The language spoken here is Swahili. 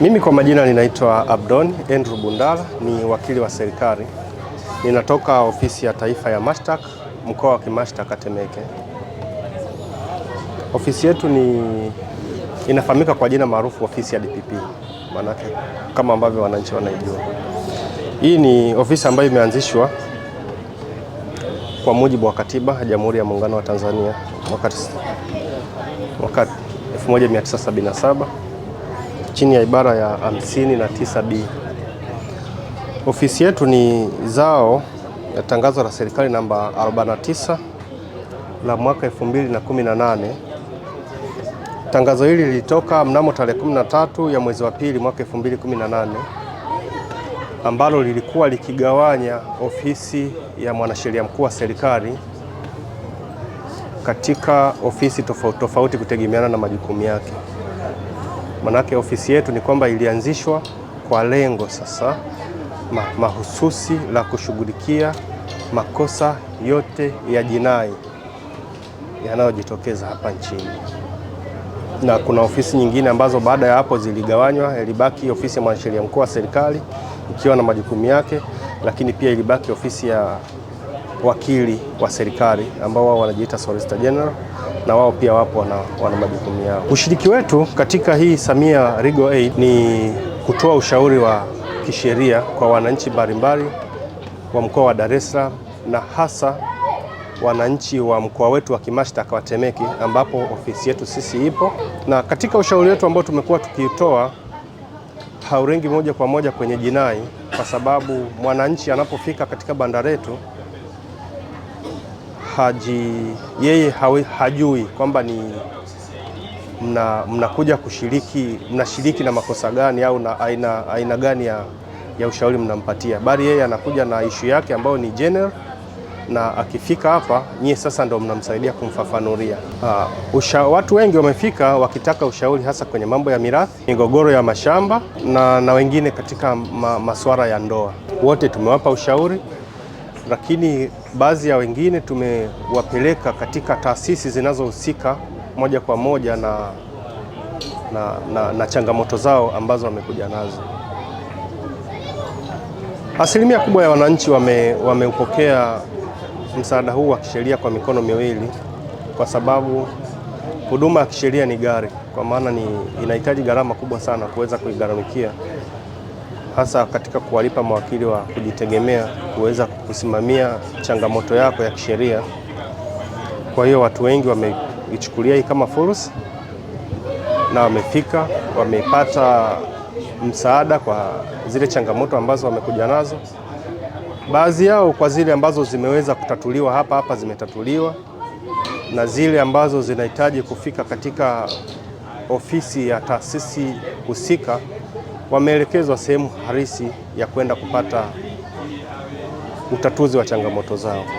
Mimi kwa majina ninaitwa Abdon Andrew Bundala, ni wakili wa serikali. Ninatoka ofisi ya taifa ya mashtaka mkoa wa kimashtaka Temeke. Ofisi yetu ni inafahamika kwa jina maarufu ofisi ya DPP, maanake kama ambavyo wananchi wanaijua. Hii ni ofisi ambayo imeanzishwa kwa mujibu wa katiba ya Jamhuri ya Muungano wa Tanzania mwaka 1977 chini ya ibara ya 59B. Ofisi yetu ni zao ya tangazo la serikali namba 49 la mwaka 2018. Tangazo hili lilitoka mnamo tarehe 13 ya mwezi wa pili mwaka 2018 ambalo lilikuwa likigawanya ofisi ya mwanasheria mkuu wa serikali katika ofisi tofauti tofauti kutegemeana na majukumu yake. Manake ofisi yetu ni kwamba ilianzishwa kwa lengo sasa mahususi la kushughulikia makosa yote ya jinai yanayojitokeza hapa nchini, na kuna ofisi nyingine ambazo baada ya hapo ziligawanywa. Ilibaki ofisi ya mwanasheria mkuu wa serikali ikiwa na majukumu yake, lakini pia ilibaki ofisi ya wakili wa serikali ambao wao wanajiita Solicitor General na wao pia wapo wana, wana majukumu yao. Ushiriki wetu katika hii Samia Legal Aid ni kutoa ushauri wa kisheria kwa wananchi mbalimbali wa mkoa wa Dar es Salaam na hasa wananchi wa mkoa wetu wa kimashtaka wa Temeke ambapo ofisi yetu sisi ipo, na katika ushauri wetu ambao tumekuwa tukiutoa haurengi moja kwa moja kwenye jinai, kwa sababu mwananchi anapofika katika banda letu haji, yeye hawe, hajui kwamba ni mnakuja mna kushiriki mnashiriki na makosa gani au na aina, aina gani ya, ya ushauri mnampatia, bali yeye anakuja na ishu yake ambayo ni general, na akifika hapa nyie sasa ndo mnamsaidia kumfafanuria. Uh, ah, watu wengi wamefika wakitaka ushauri hasa kwenye mambo ya mirathi, migogoro ya mashamba na, na wengine katika ma, masuala ya ndoa. Wote tumewapa ushauri lakini baadhi ya wengine tumewapeleka katika taasisi zinazohusika moja kwa moja na, na, na, na changamoto zao ambazo wamekuja nazo. Asilimia kubwa ya wananchi wame, wameupokea msaada huu wa kisheria kwa mikono miwili kwa sababu huduma ya kisheria ni gari, kwa maana ni inahitaji gharama kubwa sana kuweza kuigharamikia hasa katika kuwalipa mawakili wa kujitegemea kuweza kusimamia changamoto yako ya kisheria. Kwa hiyo watu wengi wameichukulia hii kama fursa na wamefika, wamepata msaada kwa zile changamoto ambazo wamekuja nazo. Baadhi yao kwa zile ambazo zimeweza kutatuliwa hapa hapa zimetatuliwa, na zile ambazo zinahitaji kufika katika ofisi ya taasisi husika wameelekezwa sehemu halisi ya kwenda kupata utatuzi wa changamoto zao.